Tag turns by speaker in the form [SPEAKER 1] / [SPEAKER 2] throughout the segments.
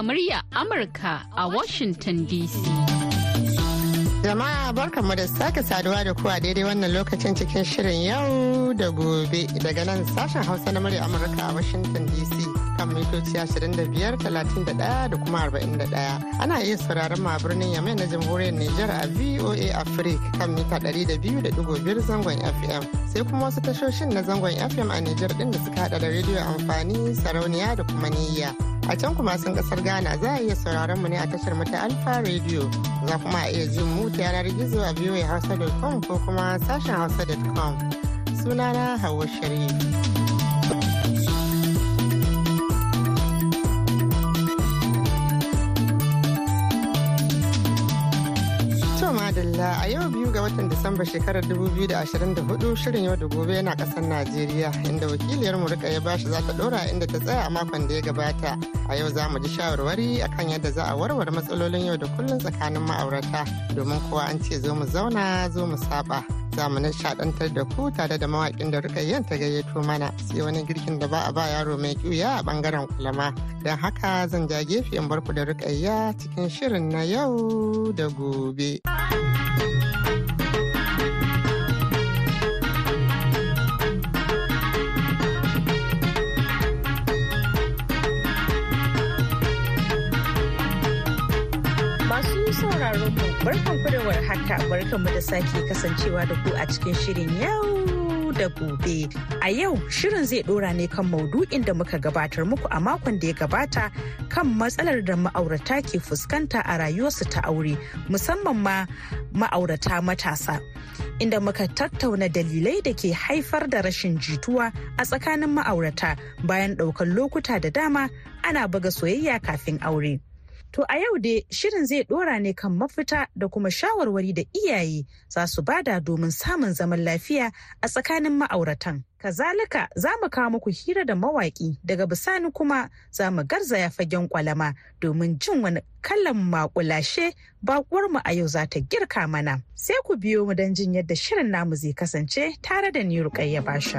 [SPEAKER 1] daga murya Amurka a Washington DC.
[SPEAKER 2] Jama'a barkanmu da sake saduwa da kuwa daidai wannan lokacin cikin shirin yau da gobe daga nan sashen Hausa na murya Amurka a Washington DC kan mitoci 25, 31 da kuma 41. Ana iya sauraron ma birnin Yamai na jamhuriyar Nijar a VOA Africa kan mita 200.5 zangon FM. Sai kuma wasu tashoshin na zangon FM a Nijar din da suka hada da rediyo amfani sarauniya da kuma niyya. A can kuma sun kasar Ghana za a iya sauraron mu ne a tashar mu ta Alfa Radio. Za kuma a iya jin mu ta yanar gizo a voahausa.com ko kuma sashen hausa.com. Sunana Hauwa Sharif. Madalla a yau biyu ga watan Disamba shekarar 2024 shirin yau da gobe yana kasar Najeriya inda wakiliyar mu rika ya bashi za ta dora inda ta tsaya a makon da ya gabata. A yau za mu ji shawarwari akan yadda za a warware matsalolin yau da kullum tsakanin ma'aurata domin kowa an ce zo mu zauna zo mu saba. Za mu nishaɗantar da ku tare da mawaƙin da rikayyen ta gayyato mana sai wani girkin da ba a ba yaro mai ƙuya a ɓangaren kulama. Don haka zan ja gefe in barku da rikayya cikin shirin na yau da gobe.
[SPEAKER 1] sauraro mu barkan ku da barkan mu da sake kasancewa da ku a cikin shirin yau da gobe. A yau shirin zai dora ne kan maudu'in da muka gabatar muku a makon da ya gabata kan matsalar da ma'aurata ke fuskanta a rayuwarsu ta aure musamman ma ma'aurata matasa. Inda muka tattauna dalilai da ke haifar da rashin jituwa a tsakanin ma'aurata bayan ɗaukar lokuta da dama ana buga soyayya kafin aure. To a yau dai shirin zai dora ne kan mafita da kuma shawarwari da iyaye za su bada domin samun zaman lafiya a tsakanin ma'auratan. Kazalika za mu kawo muku hira da mawaƙi daga bisani kuma za mu garzaya fagen kwalama domin jin wani kallon makulashe bakuwarmu a yau za ta girka mana. Sai ku biyo mu don jin yadda shirin namu zai kasance tare da ni Rukayya Basha.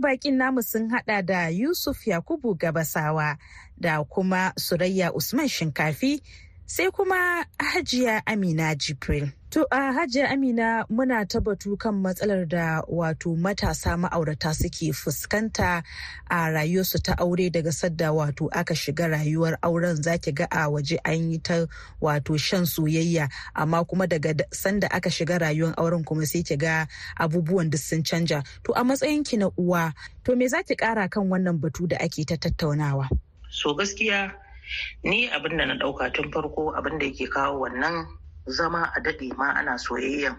[SPEAKER 1] bakin namu sun hada da Yusuf Yakubu Gabasawa da kuma Surayya Usman Shinkafi sai kuma hajiya amina jibril To a Hajiya Amina muna tabbatu kan matsalar da wato matasa ma'aurata suke fuskanta a rayuwarsu ta aure daga sadda wato aka shiga rayuwar auren zaki ga a waje an yi ta wato shan soyayya amma kuma daga sanda aka shiga rayuwar auren kuma sai ki ga abubuwan duk sun canja. To a matsayin ki na uwa to me zaki kara kan wannan batu da ake ta tattaunawa?
[SPEAKER 3] So gaskiya ni abin da na ɗauka tun farko abin da yake kawo wannan zama a daɗe ma ana soyayya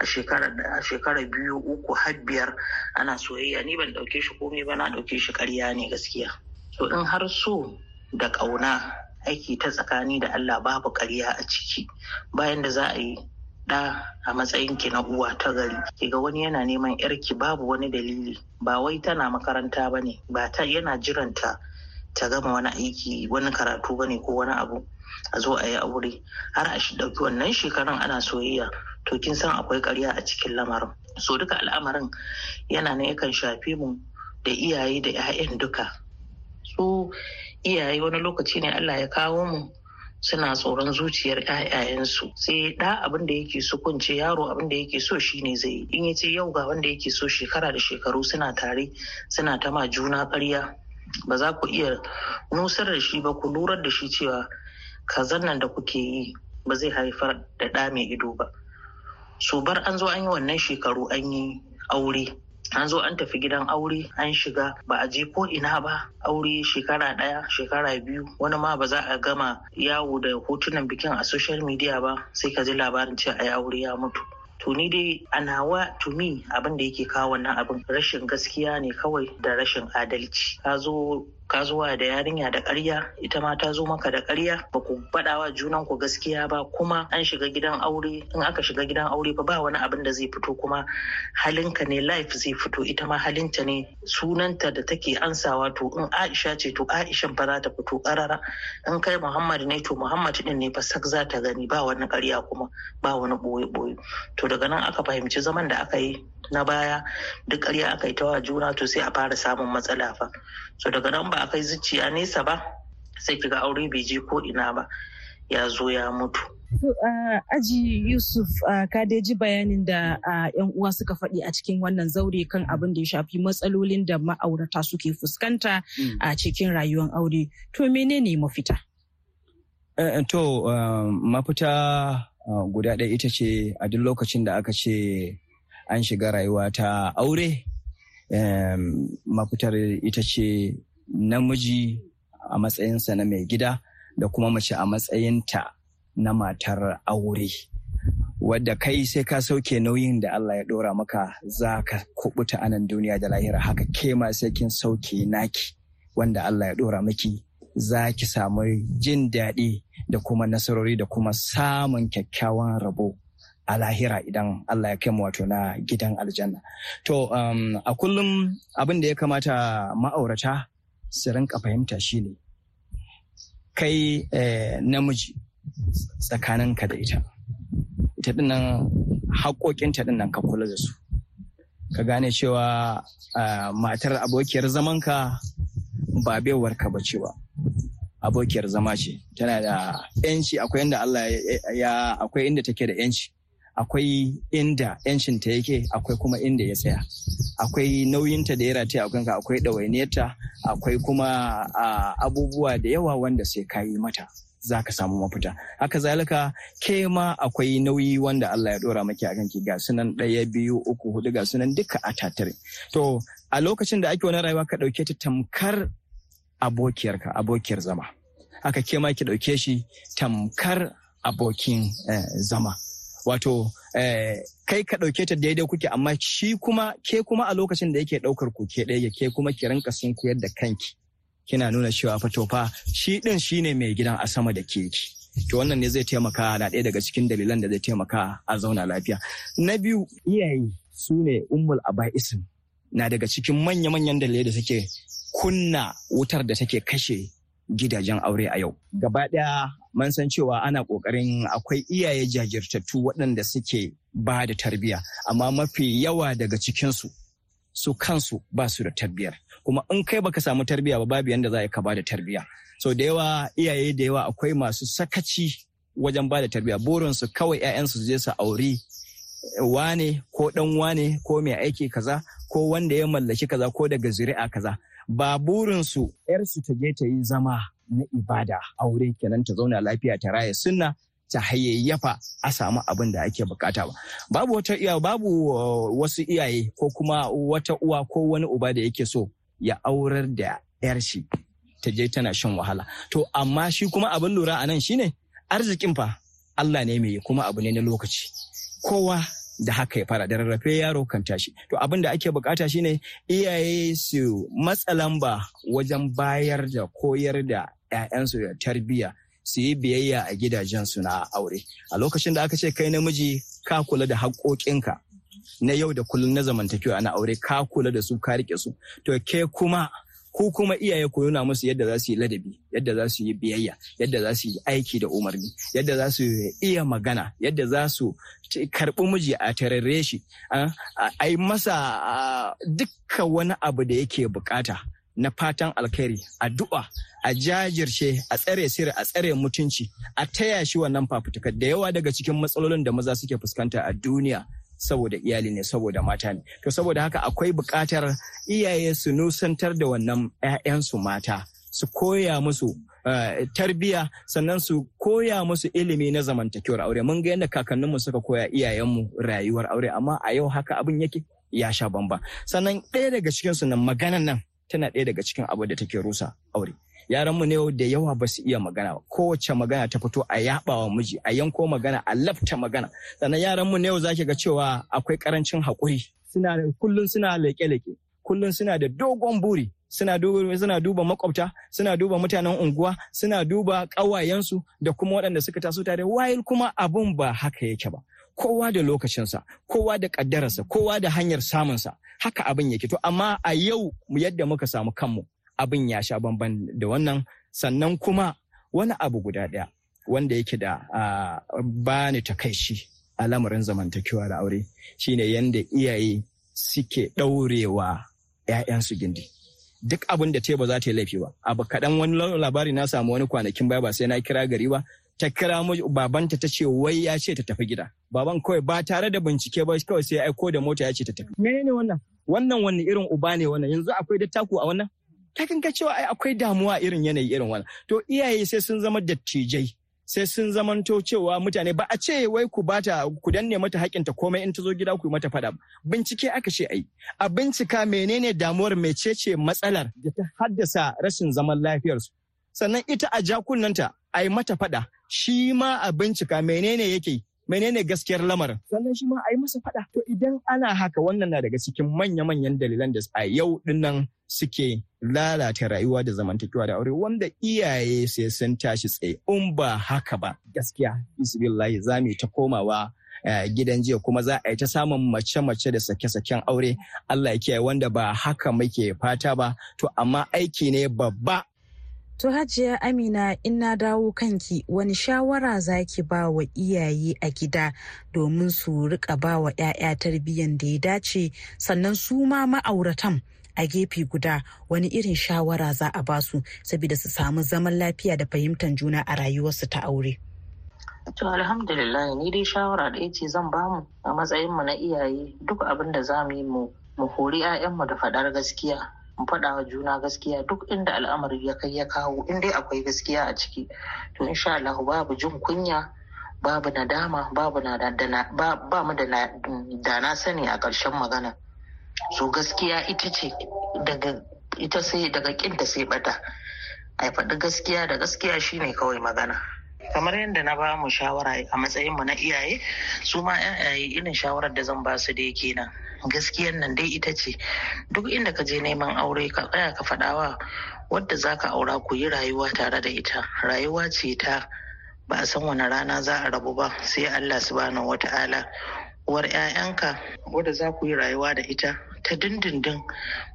[SPEAKER 3] a shekara biyu uku har biyar ana soyayya ni ban ɗauke shi komai ba na ɗauke shi karya ne gaskiya to in har so da ƙauna aiki ta tsakani da Allah babu ƙarya a ciki bayan da za a yi ɗa a matsayin ki na uwa ta gari ki ga wani yana neman yarki babu wani dalili ba wai tana makaranta ba ne ba ta yana jiranta ta gama wani aiki wani karatu bane ko wani abu a zo a yi aure har a shi ɗauki wannan shekarun ana soyayya to kin san akwai ƙarya a cikin lamarin so duka al'amarin yana nan yakan shafe mu da iyaye da 'ya'yan duka su iyaye wani lokaci ne Allah ya kawo mu suna tsoron zuciyar 'ya'yansu sai ɗa abin da yake so kunce yaro abin da yake so shine zai yi in ya ce yau ga wanda yake so shekara da shekaru suna tare suna ta ma juna karya. ba za ku iya nusar da shi ba ku lurar da shi cewa kazan nan da kuke yi ba zai haifar da ɗa mai ido ba so bar an zo an yi wannan shekaru an yi aure an zo an tafi gidan aure an shiga ba a je ko ina ba aure shekara ɗaya shekara biyu wani ma ba za a gama yawo da hotunan bikin a social media ba sai ka ji labarin cewa ai aure ya mutu to ni dai a nawa to me abin da yake kawo wannan abin rashin gaskiya ne kawai da rashin adalci ka zo ka zuwa da yarinya da karya ita ma ta zo maka da karya ba ku faɗawa junan ku gaskiya ba kuma an shiga gidan aure in aka shiga gidan aure ba ba wani abin da zai fito kuma halinka ne life zai fito ita ma halinta ne sunanta da take ansawa to in Aisha ce to Aisha fa za ta fito karara in kai Muhammad ne to Muhammad din ne fa sak za ta gani ba wani ƙarya kuma ba wani boye-boye to daga nan aka fahimci zaman da aka yi na baya duk ƙarya aka yi ta wa juna to sai a fara samun matsala fa so daga nan ba ba a kai zuciya nesa ba sai kiga aure bai je ko ina ba ya zo ya mutu
[SPEAKER 1] Aji Yusuf ka dai ji bayanin da 'yan uwa suka faɗi a cikin wannan zaure kan abin da ya shafi matsalolin da ma'aurata suke fuskanta mm. a cikin rayuwar aure. To menene mafita?
[SPEAKER 4] Eh, eh, to eh, mafita guda ɗaya ita ce a duk lokacin da aka ce an shiga rayuwa ta aure. mafitar ita ce namiji a matsayinsa na mai gida da kuma mace a matsayinta na matar aure. Wadda kai sai ka sauke nauyin da Allah ya ɗora maka za ka kubuta anan duniya da lahira haka ke ma sai kin sauke naki wanda Allah ya ɗora miki za ki samu jin daɗi da kuma nasarori da kuma samun kyakkyawan rabo a lahira idan Allah ya kai mu wato na gidan aljanna. To um, a kullum abin da ya kamata ma'aurata su rinka fahimta shi ne. kai eh, namiji tsakaninka da ita ita dinnan haƙoƙinta dinnan ka kula da su ka gane cewa eh, matar abokiyar zamanka ba baiwarka ba ce ba abokiyar zama ce tana da yanci akwai inda Allah ya akwai inda take da yanci akwai inda yancinta yake akwai kuma inda ya tsaya akwai nauyinta da ya rataya a kanka akwai ɗawainiyarta akwai kuma abubuwa da yawa wanda sai ka yi mata za ka samu mafita haka zalika ke ma akwai nauyi wanda Allah ya dora maki a kanki ga sunan ɗaya biyu uku hudu ga sunan duka a tattare to a lokacin da ake wani rayuwa ka ɗauke ta tamkar abokiyarka abokiyar zama haka ke ma ki ɗauke shi tamkar abokin eh, zama wato eh, kai ka ɗauke ta daidai kuke amma shi kuma ke kuma a lokacin da yake ɗaukar ku ke ɗaya ke kuma ki rinka sun koyar da kanki kina nuna cewa fa to fa shi ɗin shi ne mai gidan a sama da keki to wannan ne zai taimaka na ɗaya daga cikin dalilan da zai taimaka a zauna lafiya na biyu iyaye su ne ummul aba'isin na daga cikin manya-manyan dalilai da suke kunna wutar da take kashe gidajen aure a yau. Gaba ɗaya mun san cewa ana kokarin akwai iyaye jajirtattu waɗanda suke ba da tarbiyya amma mafi yawa daga cikinsu su kansu ba su da tarbiyyar kuma in kai baka samu tarbiyya ba babu yanda za a ka ba da tarbiyya so da yawa iyaye da yawa akwai masu sakaci wajen ba da tarbiyya burinsu kawai 'ya'yansu su je su auri wane ko dan wane ko mai aiki kaza ko wanda ya mallaki kaza ko daga zuri'a kaza ba burinsu 'yarsu ta je ta yi zama na ibada aure kenan ta zauna lafiya ta raya sunna ta hayayyafa a samu abin da ake bukata ba babu wata iya babu uh, wasu iyaye ko kuma wata uwa ko wani uba da yake so ya aurar da yar shi ta je tana shan wahala to amma shi kuma abin lura a nan shine arzikin fa Allah ne mai kuma abu ne na lokaci kowa da haka ya fara da rarrafe yaro kan tashi to abin da ake bukata shine iyaye su matsalan ba wajen bayar da koyar da 'ya'yansu ya tarbiya su yi biyayya a gidajensu na aure a lokacin da aka ce kai namiji ka kula da haƙoƙinka na yau da kullum na zamantakewa na aure ka kula da su ka riƙe su to ke kuma ko kuma iyaye ku nuna musu yadda za su yi ladabi yadda za su yi biyayya yadda za su yi aiki da umarni yadda za su iya magana yadda za su karɓi miji a tarare shi ah, a yi masa dukkan wani abu da yake bukata na fatan a du'a, a jajirce a tsare sirri a tsare mutunci a taya shi wannan fafutukar da yawa daga cikin matsalolin da maza suke fuskanta a duniya saboda iyali ne saboda mata ne to saboda haka akwai buƙatar iyaye su nusantar da wannan 'ya'yansu mata su koya musu Uh, eh, tarbiya sannan su koya musu ilimi na zamantakewar aure mun ga yadda kakanninmu suka koya iyayenmu rayuwar aure amma a yau haka abin yake ya sha bamba sannan ɗaya daga cikinsu na maganan nan tana ɗaya daga cikin abu da take rusa aure yaran mu ne da yawa ba su iya magana ba kowace magana ta fito a yaɓawa miji a yanko magana a lafta magana sannan yaran mu ne yau zaki ga cewa akwai karancin haƙuri suna kullun suna leke-leke kullun suna da dogon buri suna duba suna duba makwabta suna duba mutanen unguwa suna duba ƙawayensu da kuma waɗanda suka taso tare wayil kuma abun ba haka yake ba kowa da lokacinsa kowa da ƙaddararsa kowa da hanyar samunsa haka abin yake to amma a yau yadda muka samu kanmu abin ya sha bamban da wannan sannan kuma wani abu guda ɗaya wanda yake da ba ni takaici a lamarin zamantakewa da aure shine yadda iyaye suke ɗaurewa 'ya'yansu gindi duk abin da ta ba za ta yi laifi ba abu kaɗan wani labari na samu wani kwanakin baya ba sai na kira gari ba ta kira babanta ta ce wai ya ce ta tafi gida baban kawai ba tare da bincike ba kawai sai aiko da mota ya ce ta tafi ne wannan wannan wani irin uba ne wannan yanzu akwai dattaku a wannan ta kanka cewa ai akwai damuwa irin yanayi irin wannan to iyaye sai sun zama dattijai sai sun zamanto cewa mutane ba a ce wai ku bata ku danne mata hakinta komai in ta zo gida ku yi mata faɗa bincike aka ce ai a bincika menene damuwar mecece matsalar da ta haddasa rashin zaman lafiyarsu sannan ita a jakunanta a yi mata faɗa shi ma a bincika menene yake menene gaskiyar lamarin sannan shi ma a yi masa faɗa to idan ana haka wannan na daga cikin manya-manyan dalilan da a yau dinnan suke lalata rayuwa da zamantakewa da aure wanda iyaye sai sun tashi tsaye in ba haka ba gaskiya bismillah za mu ta komawa eh, gidan jiya kuma za a yi ta samun mace-mace da sake-saken aure Allah ya kiyaye wanda ba haka muke fata ba to amma aiki ne babba
[SPEAKER 1] To Hajiya Amina in na dawo kanki wani shawara za ki ba wa iyaye a gida domin su rika ba wa 'ya'ya tarbiyyan da ya dace sannan su ma ma'auratan a gefe guda wani irin shawara za a ba su saboda su samu zaman lafiya da fahimtar juna a rayuwarsu ta aure.
[SPEAKER 3] To alhamdulillah ni dai shawara ɗaya ce zan ba mu a matsayin mu na iyaye duk abin da za mu yi mu hori 'ya'yanmu da faɗar gaskiya mu faɗa wa juna gaskiya duk inda al'amari ya kai ya kawo in dai akwai gaskiya a ciki to insha Allah babu jin kunya babu nadama babu na ba mu da da na sani a ƙarshen magana so gaskiya ita ce daga ita sai daga kinta sai bata ai faɗi gaskiya da gaskiya shine kawai magana kamar yadda na ba mu shawara a matsayin mu na iyaye su ma yaye irin shawarar da zan ba su dai kenan gaskiyar nan dai ita ce duk inda ka je neman aure ka tsaya ka faɗawa wadda za ka aura ku yi rayuwa tare da ita rayuwa ce ta ba a san wani rana za a rabu ba sai allah su subhanahu wata'ala uwar 'ya'yanka wadda za ku yi rayuwa da ita ta dindindin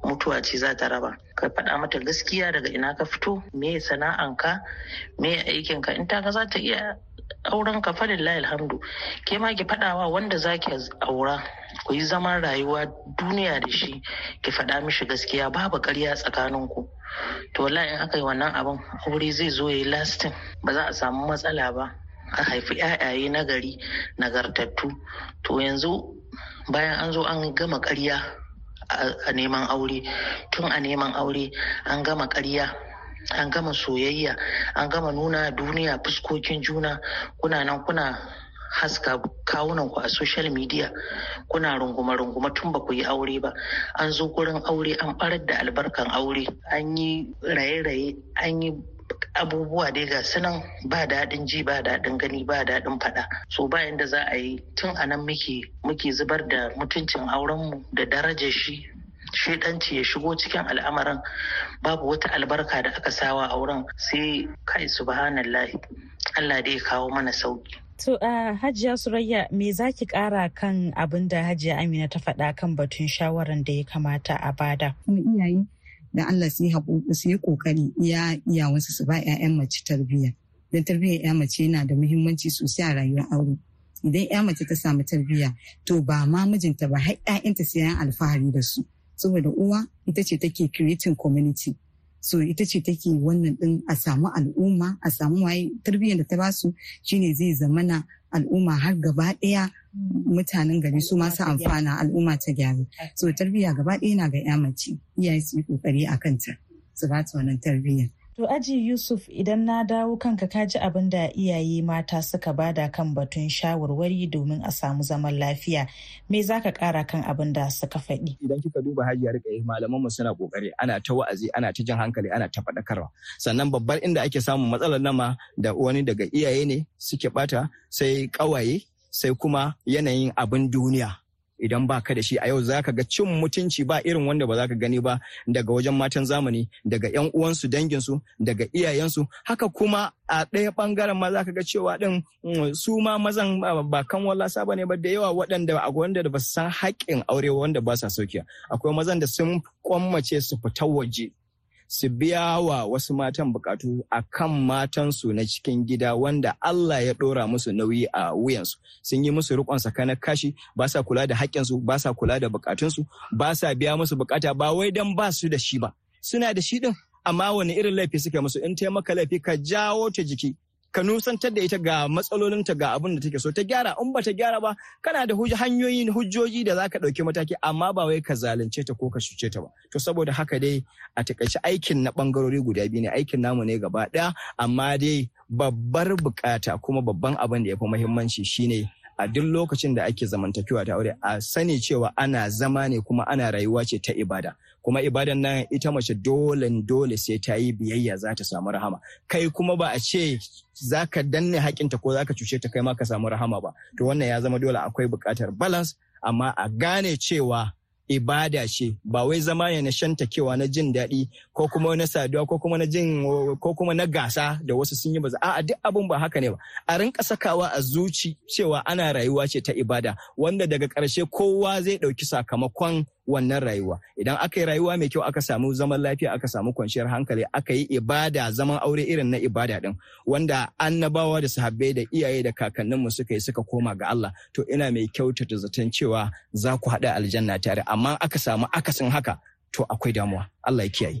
[SPEAKER 3] mutuwa ce za ta raba ka faɗa mata gaskiya daga ina ka fito me sana'anka me aikinka in ta ga za ta iya auren ka faɗin alhamdu ke ma ki faɗawa wanda za ki aura ku yi zaman rayuwa duniya da shi ki faɗa mishi gaskiya babu ƙarya tsakaninku to wallahi in aka yi wannan abin aure zai zo ya yi lastin ba za a samu matsala ba a haifi 'ya'yaye na gari nagartattu to yanzu bayan an zo an gama karya. a neman aure tun a neman aure an gama karya an gama soyayya an gama nuna duniya fuskokin juna kuna nan kuna haska kawunanku a social media kuna runguma runguma tun ba ku yi aure ba an zo gurin aure an barar da albarkan aure an yi raye-raye an yi abubuwa dai ga sunan ba daɗin ji ba daɗin gani ba daɗin faɗa so ba yadda za a yi tun a nan muke zubar da mutuncin aurenmu da darajar shi shaidanci ya shigo cikin al'amarin babu wata albarka da aka sawa auren sai kai subhanallah Allah dai ya kawo mana
[SPEAKER 1] sauki To uh, Hajiya Surayya me za ki kara kan abin da Hajiya Amina ta faɗa kan batun shawaran da ya kamata a bada? Mu da Allah su yi haƙoƙi su yi ƙoƙari iya wasu su ba 'ya'yan mace tarbiyya don tarbiyyar 'ya mace yana da muhimmanci sosai a rayuwar aure idan 'ya mace ta samu tarbiyya to ba ma mijinta ba har 'ya'yanta su yan alfahari da su saboda uwa ita ce take creating community so ita ce take wannan din a samu al'umma a samu waye tarbiyyar da ta basu shine zai zamana al'umma har gaba ɗaya hmm. mutanen gari su masu amfana al'umma ta gyaru so tarbiyya gaba ɗaya na ga ya mace iyaye su yi kokari a kanta su ba ta wannan tarbiyyar To aji Yusuf idan na dawo kanka kaji abin da iyaye mata suka bada kan batun shawarwari domin a samu zaman lafiya. Me za ka kara
[SPEAKER 4] kan abin da suka faɗi? Idan kika duba hajiyar kai malaman mu suna kokari ana ta wa'azi ana ta jin hankali ana ta faɗakarwa. Sannan babbar inda ake samun matsalar nama da wani daga iyaye ne suke bata sai ƙawaye sai kuma yanayin abin duniya. idan ba ka da shi a yau za ka ga cin mutunci ba irin wanda ba za ka gani ba daga wajen matan zamani daga yan uwansu danginsu daga iyayensu haka kuma a ɗaya ɓangaren ma za ka ga cewa ɗin mm, su ma mazan ba kan wallasa ba ne ba da yawa waɗanda a wanda da ba su san haƙƙin aure wanda ba sa sokiya akwai mazan da sun kwammace su fita waje su biya wa wasu matan bukatu a kan matansu na cikin gida wanda Allah ya ɗora musu nauyi a wuyansu sun yi musu rikon sakana kashi ba sa kula da haƙƙinsu ba sa kula da bukatunsu ba sa biya musu bukata ba wai don ba su da shi ba suna da shi ɗin? amma wani irin laifi suka musu in taimaka laifi ka jawo ta jiki ka nusantar da ita ga matsalolin ta ga abin da take so ta gyara in ba ta gyara ba kana da hanyoyin hujjoji da zaka ɗauki mataki amma ba wai ka zalunce ta ko ka shuce ta ba to saboda haka dai a takaice aikin na bangarori guda biyu ne aikin namu ne gaba ɗaya amma dai babbar bukata kuma babban abin da ya fi muhimmanci shine a duk lokacin da ake zamantakewa ta aure a sani cewa ana zama ne kuma ana rayuwa ce ta ibada kuma ibadan nan ita mace dole dole sai ta yi biyayya za ta samu rahama kai kuma ba a ce za ka danne hakinta ko za ka cuce ta kai ma ka samu rahama ba to wannan ya zama dole akwai buƙatar balance amma a gane cewa ibada ce ba wai zama ne na shantakewa na jin daɗi ko kuma na saduwa ko kuma na jin ko kuma na gasa da wasu sun yi baza a'a duk abin ba haka ne ba a rinka sakawa a zuci cewa ana rayuwa ce ta ibada wanda daga ƙarshe kowa zai ɗauki sakamakon wannan rayuwa idan aka yi rayuwa mai kyau aka samu zaman lafiya aka samu kwanciyar hankali aka yi ibada zaman aure irin na ibada din wanda annabawa da sahabbai da iyaye da kakannin mu suka yi suka koma ga Allah to ina mai kyautata zaton cewa za ku haɗa aljanna tare amma aka samu akasin haka to akwai damuwa Allah ya kiyaye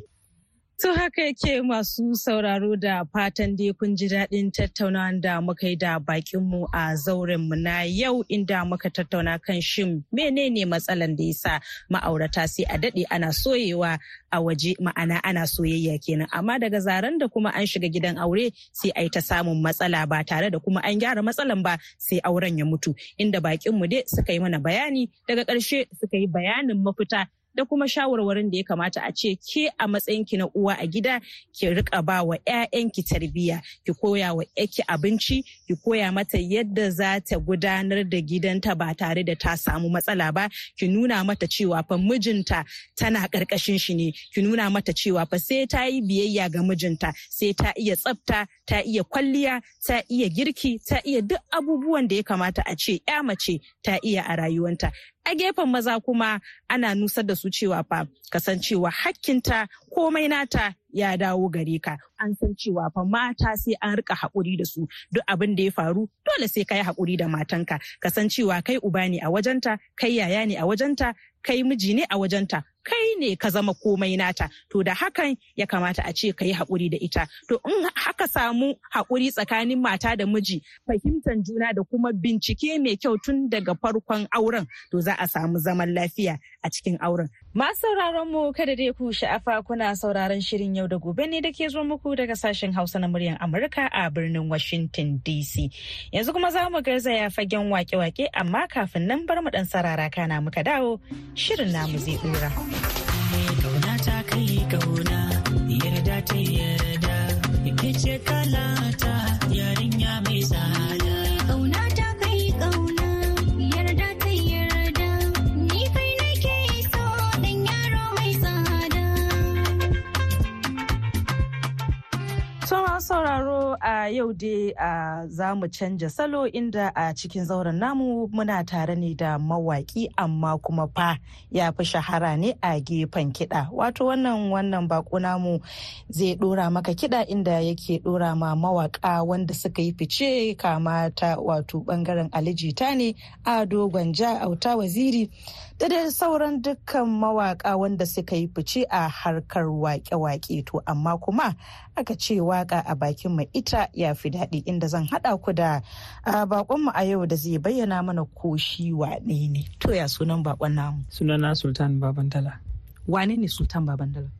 [SPEAKER 1] To haka yake masu sauraro da fatan dai kun ji daɗin tattaunawa da muka yi da bakinmu a zaurenmu na yau inda muka tattauna kan shin menene matsalar da yasa ma'aurata sai a daɗe ana soyewa a waje ma'ana ana soyayya kenan amma daga zaren da kuma an shiga gidan aure sai a yi ta samun matsala ba tare da kuma an gyara matsalan ba sai auren ya mutu inda bakinmu dai suka yi mana bayani daga ƙarshe suka yi bayanin mafita da kuma shawarwarin da ya kamata a ce ke a matsayinki na uwa a gida ki rika ba wa 'ya'yanki tarbiyya ki koya wa yaki abinci ki koya mata yadda za ta gudanar da gidanta ba tare da ta samu matsala ba ki nuna mata cewa fa mijinta tana karkashin shi ne ki nuna mata cewa fa sai ta yi biyayya ga mijinta sai ta iya tsafta ta iya kwalliya ta iya girki ta iya duk abubuwan da ya kamata a ce ya mace ta iya a rayuwanta a gefen maza kuma ana nusar da su cewa fa kasancewa hakkinta komai nata ya dawo gare ka an san cewa fa mata sai an rika haƙuri da su duk abin da ya faru dole sai kai haƙuri da matanka ka san cewa kai uba ne a wajenta kai yaya ne a wajenta kai miji ne a wajenta kai ne ka zama komai nata to da hakan ya kamata a ce ka yi haƙuri da ita to in haka samu haƙuri tsakanin mata da miji fahimtar juna da kuma bincike mai kyau tun daga farkon auren to za a samu zaman lafiya a cikin auren. Masu sauraron mu kada dai ku sha'afa kuna sauraron shirin yau yau da gobe ne da ke zo muku daga sashen Hausa na muryar Amurka a birnin Washington DC. Yanzu kuma za mu garzaya fagen wake-wake amma kafin nan bar mu dan sarara kana muka dawo shirin namu zai dora. ta kai kalata. yau dai a za mu canja salo inda a cikin zauren namu muna tare ne da mawaki amma kuma fa ya fi shahara ne a gefen kiɗa. Wato wannan wannan bako namu zai ɗora maka kiɗa inda yake ɗora ma mawaka wanda suka yi fice kama ta wato bangaren alijita ne a dogon ja auta waziri da dai sauran dukkan mawaka wanda suka yi fice a harkar wake-wake to amma kuma aka ce waka a bakin mai ita ya fi daɗi inda zan haɗa ku da bakonmu a yau da zai bayyana mana ko shi wane ne to ya sunan bakon namu sunana sultan babandala wane ne sultan babandala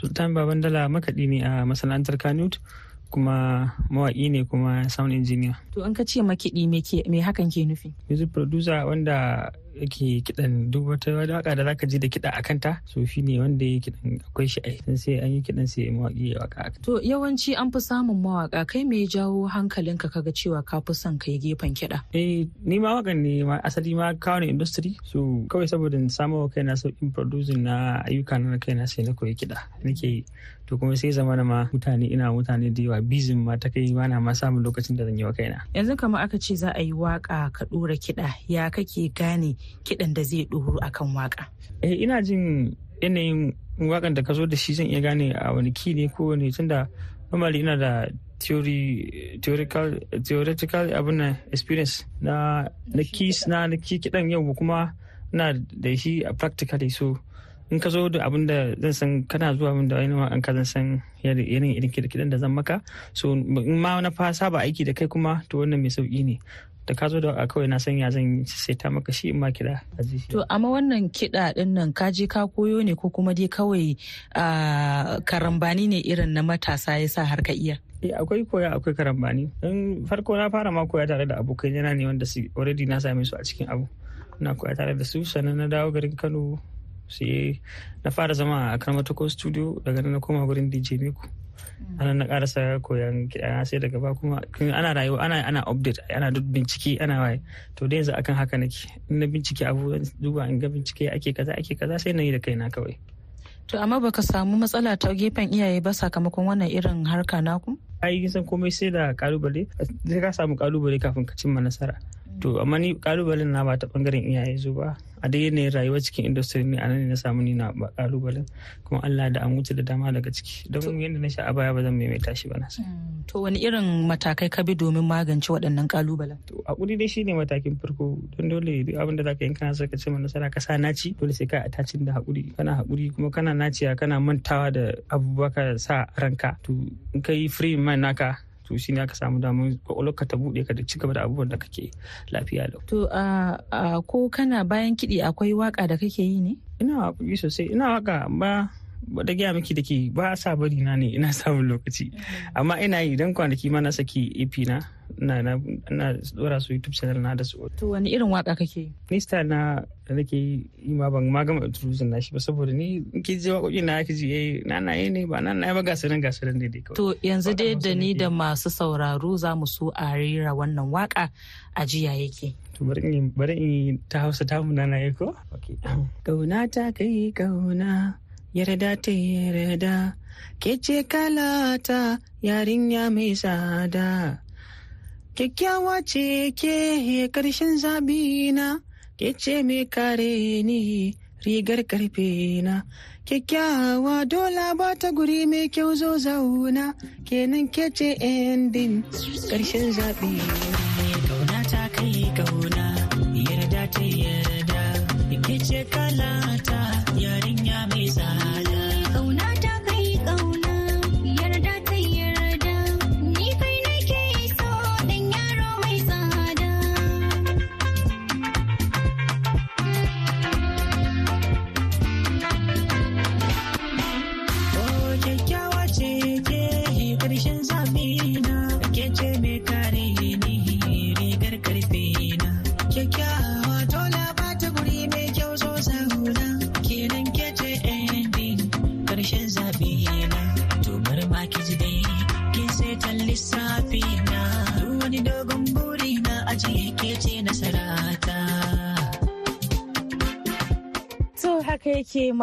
[SPEAKER 5] sultan babandala makaɗi ne a masana'antar kanut kuma mawaƙi ne kuma sound engineer.
[SPEAKER 1] To an ka ce makiɗi me hakan ke nufi?
[SPEAKER 5] Music producer wanda yake kidan duk wata waka da zaka je da kiɗa a kanta sufi ne wanda ya kidan akwai shi ai sai an yi kidan sai mawaki ya waka
[SPEAKER 1] to yawanci an fi samun mawaka kai me ya jawo hankalinka kaga cewa ka
[SPEAKER 5] fi son kai gefen kiɗa. eh ni ma wakan ne ma asali ma kawo ne industry so kawai saboda in samu kai na sauƙin producing na ayyuka na kai na sai na koyi kida nake to kuma sai zama ma mutane ina mutane da yawa bizin ma ta kai ma na ma samun lokacin da zan yi wa kaina
[SPEAKER 1] yanzu kamar aka ce za a yi waka ka dora kiɗa ya kake gane kiɗan da zai ɗoro
[SPEAKER 5] kan waka. Eh ina jin yanayin wakan da ka zo da shi zan iya gane a wani ki ne ko wani tunda normally ina da theoretical theoretical abin na experience na na keys na na kiɗan yau kuma na da shi a practically so in ka zo da abin da zan san kana zuwa min da wani an ka zan san yanayin irin kiɗan da zan maka so in ma na fa saba aiki da kai kuma to wannan mai sauki ne da ka zo da a kawai na sanya zan sai ta maka shi in ma kiɗa a
[SPEAKER 1] To amma wannan kiɗa din nan ka je ka koyo ne ko kuma dai kawai karambani ne irin na matasa ya sa har ka iya?
[SPEAKER 5] Eh, akwai koya akwai karambani. In farko na fara ma koya tare da abokai yana ne wanda su already na same su a cikin abu. Na koya tare da su sannan na dawo garin Kano sai na fara zama a Karmatako studio daga nan na koma gurin DJ Miku. Mm. ana na karasa koyan kiɗa sai daga ba kuma ana rayuwa ana ana update ana duk bincike ana waye to da yanzu akan haka nake in na bincike abu duba in ga bincike ake kaza ake kaza sai na yi da kaina kawai
[SPEAKER 1] to amma baka samu matsala ta gefen iyaye ba sakamakon wannan irin harka naku
[SPEAKER 5] ai san komai sai da kalubale sai ka samu kalubale kafin ka cimma nasara to amma ni kalubalen na ba ta bangaren iyaye zo ba a da ne rayuwa cikin industry ne anan ne na samu ni na kalubalen kuma Allah da an wuce da dama daga ciki don yadda na sha a baya ba zan maimaita shi ba na mm, to wani irin matakai ka bi domin magance waɗannan kalubalen to hakuri dai shine matakin farko don dole duk abin da zaka yi kana so ka nasara ka sa naci dole sai ka tacin da hakuri kana hakuri kuma kana naciya kana mantawa da abubuwa ka sa ranka to in ka yi free mind naka to shi ne aka samu damar kwakwalwarka ta buɗe ka da ci gaba da abubuwan da kake lafiya
[SPEAKER 1] To a ko kana bayan kiɗi akwai waka
[SPEAKER 5] da kake yi ne? Ina waƙoƙi sosai ina waka amma da gaya miki da ke ba sa bari na ne ina samun lokaci amma ina yi don kwanaki ma na saki ep na na na na dora su youtube channel na da su to wani irin waka kake yi ni style na da nake yi ma ban ma gama introduction na shi ba saboda ni ke ji waƙoƙi na ki ji eh na na ne ba na na ba gasarin gasarin ne dai kawai to
[SPEAKER 1] yanzu dai da ni da masu sauraro za mu so a rera wannan
[SPEAKER 5] waka a jiya yake to bari in bari in ta Hausa ta mu na na ko okay kauna ta kai kauna yarda ta yarda ke ce kalata yarinya mai tsada kyakkyawa ce ke karshen zabina ke ce mai kare ni rigar karfe na kyakkyawa dola ba ta guri mai kyau zo zauna kenan ke ce endin karshen zabina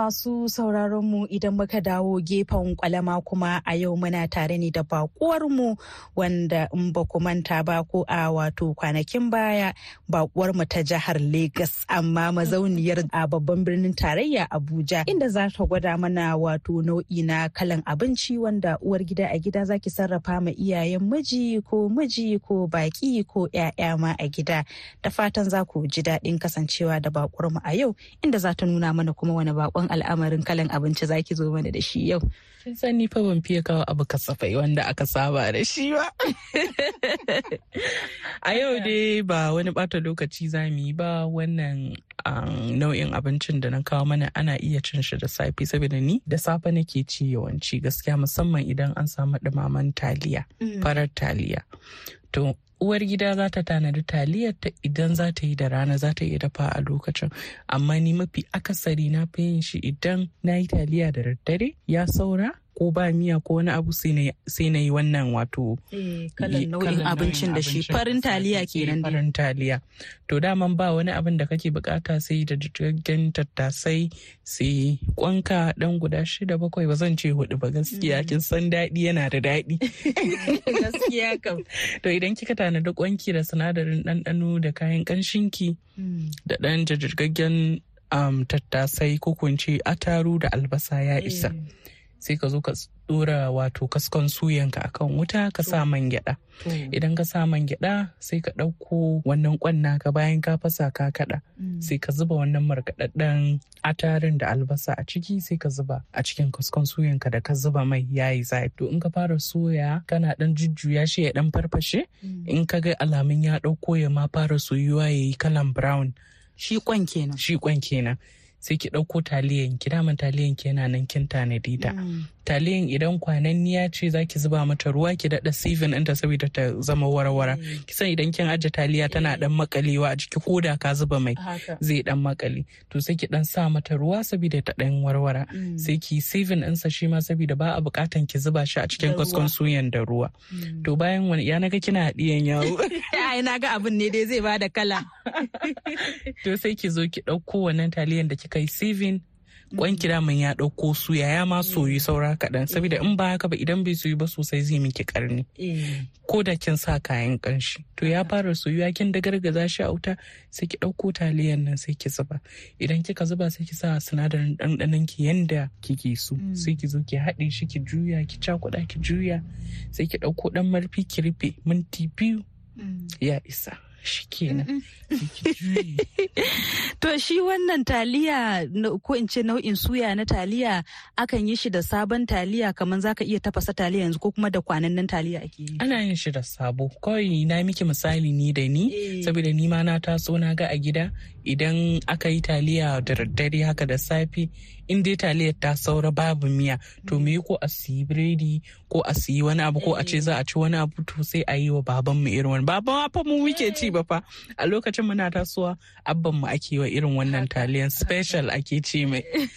[SPEAKER 1] masu mu idan muka dawo gefen kwalama kuma a yau muna tare ne da mu wanda in ba ku manta ba ko a wato kwanakin baya mu ta jihar Legas amma mazauniyar a babban birnin tarayya Abuja inda za ta gwada mana wato nau'i na kalan abinci wanda uwar gida a gida zaki sarrafa ma iyayen miji ko miji ko baki ko 'ya'ya ma a gida da fatan za ku ji daɗin kasancewa da mu a yau inda za ta nuna mana kuma wani bakon al'amarin kalan abinci zaki zo mana da shi yau. Kin
[SPEAKER 6] san ni fa ban fiye kawo abu kasafai wanda aka saba da shi ba. A yau dai ba wani bata lokaci za mu yi ba wannan um, nau'in abincin da na kawo mana ana iya cin shi da safe saboda ni da safe nake ci yawanci gaskiya musamman idan an samu ɗumaman taliya mm. farar taliya. To uwar gida za ta tanadi taliyar ta idan za ta yi da rana za ta iya dafa a lokacin amma ni mafi akasari na fi yin shi idan na yi taliya da daddare ya saura ko ba miya ko wani abu sai na yi wannan wato
[SPEAKER 1] eh, kalan nau'in abincin da shi farin taliya
[SPEAKER 6] kenan farin taliya to daman ba wani abin da kake bukata sai da jirgin tattasai sai kwanka dan guda shida bakwai ba zan ce hudu ba gaskiya mm. kin san daɗi yana da daɗi gaskiya kam to idan kika tanadi kwanki da sinadarin ɗanɗano da kayan ƙanshinki mm. da ɗan jajirgaggen tattasai ko kunce ataru da albasa ya isa. Mm. sai ka zo ka dora wato kaskon suyanka kan wuta ka sa man gyada mm. idan ka sa man gyada sai ka ɗauko wannan kwanna ka bayan ka fasa ka kada mm. sai ka zuba wannan markaɗaɗɗen atarin da albasa a ciki sai ka zuba a cikin kaskon suyanka da ka zuba mai yayi zafi to in ka fara soya kana ɗan jujjuya shi ya ɗan farfashe mm. in ka ga alamun ya ɗauko ya ma fara soyuwa yayi kalan brown shi kwan kenan shi kwan kenan sai ki ɗauko taliyan ki daman taliyan ki yana nan kin tanadi ta mm. taliyan idan niya ce za ki zuba mata ruwa ki daɗa sivin ɗinta saboda ta zama warwara mm. kisan idan kin aje taliya tana ɗan makalewa a jiki ko da ka zuba mai zai ɗan makale to sai ki ɗan sa mata ruwa saboda ta ɗan warwara mm. sai ki sivin ɗinsa shi ma saboda ba a buƙatan ki zuba shi a cikin kaskon suyan da ruwa to bayan wani ya naga kina haɗiyan yawo ai
[SPEAKER 1] naga abin ne dai zai bada kala
[SPEAKER 6] to sai ki zo ki ɗauko wannan taliyan da ki Kai sivin saving kwan mm-hmm. kira mai ya ɗauko su yaya ma soyu mm. saura kaɗan saboda in ba haka ba idan bai soyu ba sosai zai miki karni eh. ko da kin sa kayan ƙanshi to ya fara soyuwa kin da gargaza shi a wuta sai ki ɗauko taliyan nan sai ki zuba idan kika zuba sai ki sa sinadarin ɗanɗanon ki yanda kike so mm. sai ki zo ki haɗe shi ki juya ki cakuɗa ki juya sai ki ɗauko ɗan marfi ki rufe minti biyu mm. ya isa shikenan
[SPEAKER 1] to shi wannan taliya ko in ce nau'in suya na taliya akan yi shi da sabon taliya kamar zaka iya tafasa taliya yanzu ko kuma da kwanannin taliya ake
[SPEAKER 6] yi ana yin shi da sabo kawai na miki misali ni da ni eh. saboda ni ma na taso na ga a gida idan aka yi taliya da daddare haka da safe in dai taliyar ta saura babu miya to me ko a siyi biredi ko a siyi wani abu ko a ce za a ci wani abu to sai a yi wa baban mu irin wani baban fa mu muke ci ba fa a lokacin muna tasowa abban mu ake wa irin wannan taliyan special ake ci mai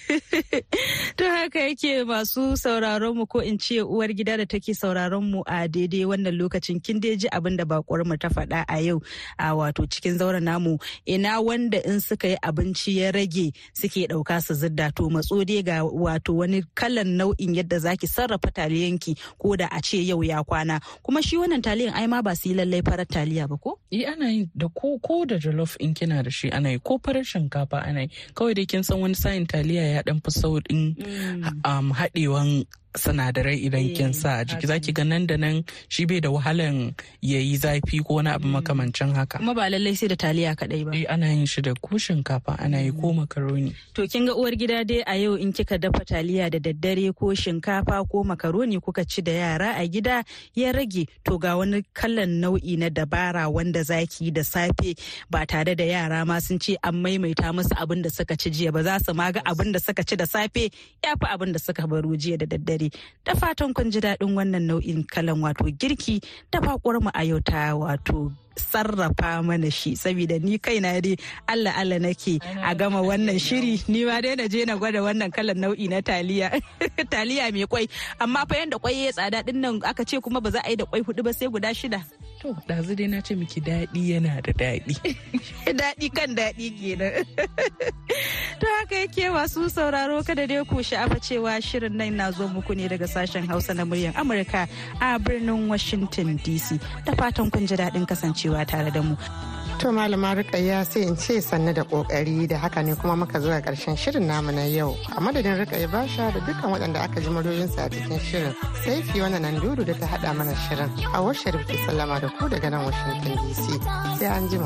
[SPEAKER 1] to haka yake masu sauraron mu ko in ce uwar gida da take sauraron mu a daidai wannan lokacin kin dai ji abin da bakwar mu ta faɗa a yau a wato cikin zauren namu ina wanda in suka yi abinci ya rage suke ɗauka su zidda to matso dai ga wato wani kalan nau'in yadda zaki sarrafa taliyanki ko da a ce yau ya kwana kuma shi wannan taliyan ai ma ba su yi lallai farar taliya ba ko?
[SPEAKER 6] yi e, ana yi da ko ko da jollof in kina da shi ana yi ko farar shinkafa ana yi kawai dai kin san wani sayin taliya ya dan fi saurin mm. um, haɗewan sinadarai idan kin eh, sa a jiki zaki ga nan da nan shi bai da wahalan ya yi zafi ko wani abu mm. makamancin haka kuma ba lallai sai da taliya kaɗai ba eh, ana yin shi da ko shinkafa ana yi ko mm. makaroni
[SPEAKER 1] to kin ga uwar gida dai a yau in kika dafa taliya da daddare ko shinkafa ko makaroni kuka ci da yara a gida ya rage to ga wani kallon nau'i na dabara wanda zaki da safe ba tare da yara ma sun ce an maimaita musu abin da suka ci jiya ba za su ma ga abin da suka ci da safe ya fi abin da suka baro jiya da daddare alheri da fatan kun ji daɗin wannan nau'in kalan wato girki da bakuwar mu a yau ta wato sarrafa mana shi saboda ni kaina dai Allah Allah nake a gama wannan shiri ni ma dai na je na gwada wannan kalan nau'i na taliya taliya mai kwai amma fa yanda kwai ya tsada din nan aka ce kuma ba za a yi da kwai hudu ba sai guda shida
[SPEAKER 6] To, ɗazu dai na ce miki daɗi yana da daɗi.
[SPEAKER 1] daɗi kan daɗi kenan. To haka yake masu sauraro kada dai ku sha'afa cewa shirin nan na zo muku ne daga sashen Hausa na muryar Amurka a birnin Washington DC. Da fatan kun ji daɗin kasancewa tare
[SPEAKER 2] da mu. To malama ya sai in ce sanna da kokari da haka ne kuma muka zuwa karshen shirin namu na yau. A madadin ba basha da dukkan waɗanda aka ji muryoyinsa a cikin shirin sai fi wannan nan duru da ta haɗa mana shirin. A washe rufe sallama da ku daga nan Washington DC. Sai an ji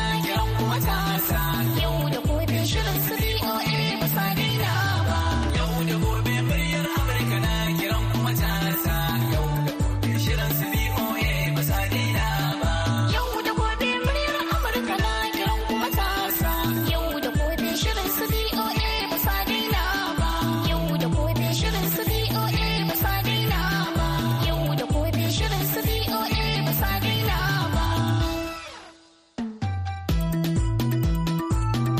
[SPEAKER 2] ku.